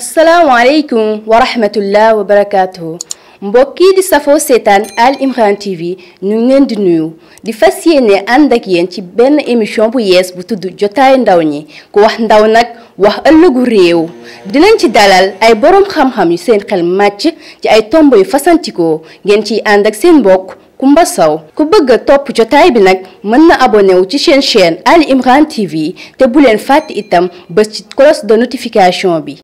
asalaamaaleykum wa rahmatullah wa barakaatu mbokk yi di safoo seetaan Al Imran TV ñu ngi leen di nuyu di fas yéene ànd ak yéen ci benn émission bu yees bu tudd jotaay ndaw ñi ku wax ndaw nag wax ëllëgu réew dinañ ci dalal ay boroom xam-xam yu seen xel màcc ci ay tomb yu fasantikoo ngeen ciy ànd ak seen mbokk Kumba Sow ku bëgg topp jotaay bi nag mën na abonné ci seen chaîne Ali Imran TV te bu leen fàtte itam bës ci cloche de notification bi.